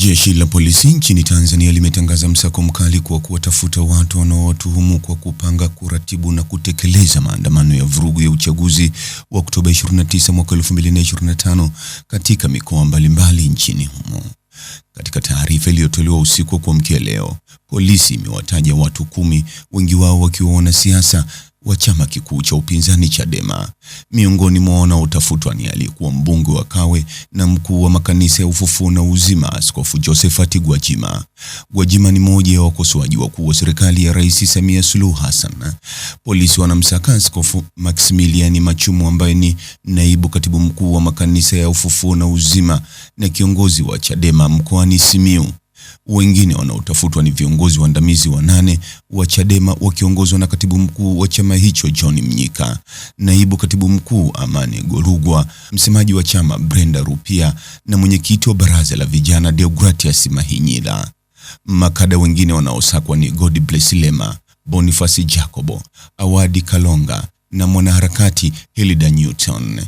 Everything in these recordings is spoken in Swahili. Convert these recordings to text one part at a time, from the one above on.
Jeshi la polisi nchini Tanzania limetangaza msako mkali kwa kuwatafuta watu wanaowatuhumu kwa kupanga, kuratibu na kutekeleza maandamano ya vurugu ya uchaguzi wa Oktoba 29 mwaka 2025 katika mikoa mbalimbali nchini humo. Katika taarifa iliyotolewa usiku wa kuamkia leo, polisi imewataja watu kumi, wengi wao wakiwa wanasiasa wa chama kikuu cha upinzani Chadema. Miongoni mwa wanaotafutwa ni aliyekuwa mbunge wa Kawe na mkuu wa makanisa ya Ufufuo na Uzima, Askofu Josephat Gwajima. Gwajima ni mmoja ya wakosoaji wakuu wa serikali ya Rais Samia Suluhu Hassan. Polisi wanamsaka Askofu Maximilian Machumu ambaye ni naibu katibu mkuu wa makanisa ya Ufufuo na Uzima na kiongozi wa Chadema mkoani Simiyu. Wengine wanaotafutwa ni viongozi waandamizi wanane wa Chadema wakiongozwa na katibu mkuu wa chama hicho John Mnyika, naibu katibu mkuu Amani Gorugwa, msemaji wa chama Brenda Rupia na mwenyekiti wa baraza la vijana Deogratias Mahinyila. Makada wengine wanaosakwa ni Bless Lema, Boniface Jacobo, Awadi Kalonga na mwanaharakati Hilda Newton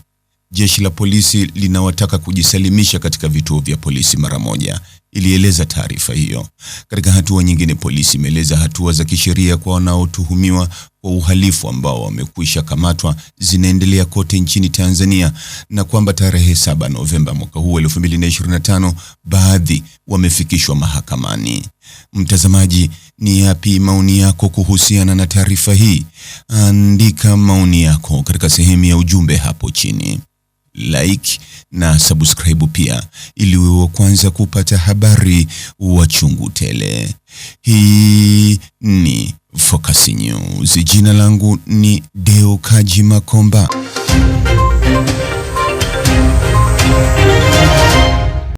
jeshi la polisi linawataka kujisalimisha katika vituo vya polisi mara moja, ilieleza taarifa hiyo. Katika hatua nyingine, polisi imeeleza hatua za kisheria kwa wanaotuhumiwa kwa uhalifu ambao wamekwisha kamatwa zinaendelea kote nchini Tanzania na kwamba tarehe 7 Novemba mwaka huu 2025 baadhi wamefikishwa mahakamani. Mtazamaji, ni yapi maoni yako kuhusiana na taarifa hii? Andika maoni yako katika sehemu ya ujumbe hapo chini like na subscribe pia, ili wewe kwanza kupata habari wa chungu tele. Hii ni Focus News. Jina langu ni Deo Kaji Makomba.